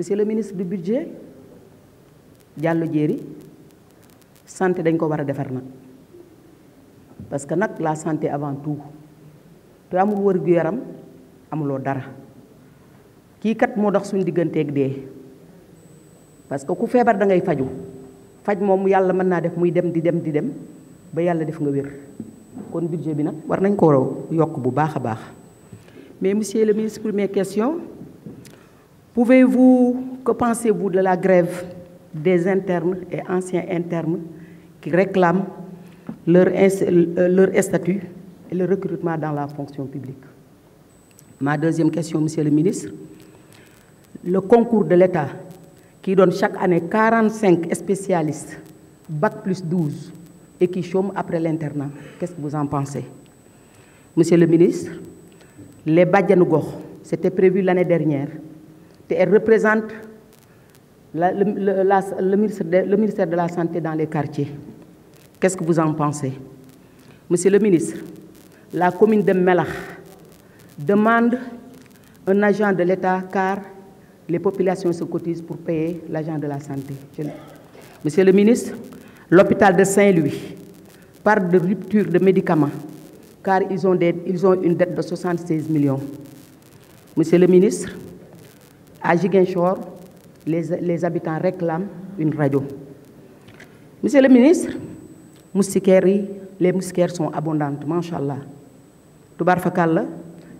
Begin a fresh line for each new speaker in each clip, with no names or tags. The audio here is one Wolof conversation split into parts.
monsieur le ministre du budget jàll jéeri santé dañ ko war a defar nag parce que nag la santé avant tout te amul wër-gu-yaram amuloo dara kii kat moo dox suñu digganteeg dee parce que ku feebar da ngay faju faj moom yàlla mën naa def muy dem di dem di dem ba yàlla def nga wér kon budget bi nag war nañ ko yokk bu baax a baax mais monsieur le ministre première question Pouvez-vous, que pensez-vous de la grève des internes et anciens internes qui réclament leur, euh, leur statut et le recrutement dans la fonction publique Ma deuxième question, Monsieur le ministre. Le concours de l'État, qui donne chaque année 45 spécialistes, Bac plus 12, et qui chôment après l'internat, qu'est-ce que vous en pensez Monsieur le ministre, les Badjanougor, c'était prévu l'année dernière, te elle représente la, le, la, le, ministère de, le ministère de la Santé dans les quartiers. quest que vous en pensez Monsieur le ministre, la commune de Melach demande agent de l'État car les populations se cotisent pour payer l'agent de la santé. le ministre, l'hôpital de Saint-Louis parle de rupture de médicaments car ils ont, des, ils ont une dette de 76 millions. Monsieur le ministre, À Ziguinchor, les, les habitants réclament une radio. Monsieur le ministre, yi les son moustiquaires sont abondantes, Masha'Allah. Toubarfakal,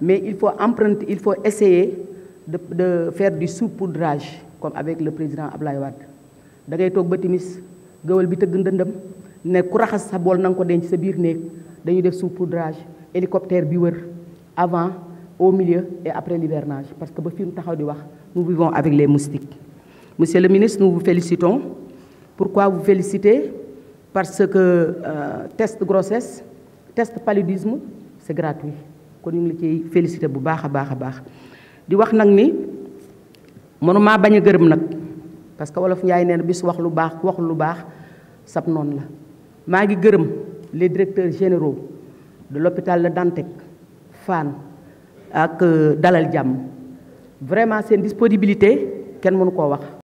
mais il faut emprunter, il faut essayer de, de faire du saupoudrage, comme avec le président Ablaye Wade. Da ngay toog ba timis gëwal bi tëgg ndëndëm ne ku raxas sa bool na nga ko denc sa biir néeg dañuy def saupoudrage hélicoptère bi wër avant au milieu et après l'hivernage parce que ba fi mu taxaw di wax nous vivons avec les moustiques monsieur le ministre nous vous félicitons pourquoi vous féliciter parce que euh, test grossesse test paludisme c'est gratuit kon ñu ngi la ciy féliciter bu baax a baax a baax di wax nag ni mënumaa bañ a gërëm nag parce que wolof Njaay nee na bis wax lu baax waxul lu baax sab noonu la maa ngi gërëm les directeur généraux de la Le Dantec fan ak euh, dalal jàmm vraiment seen disponibilité kenn mënu koo wax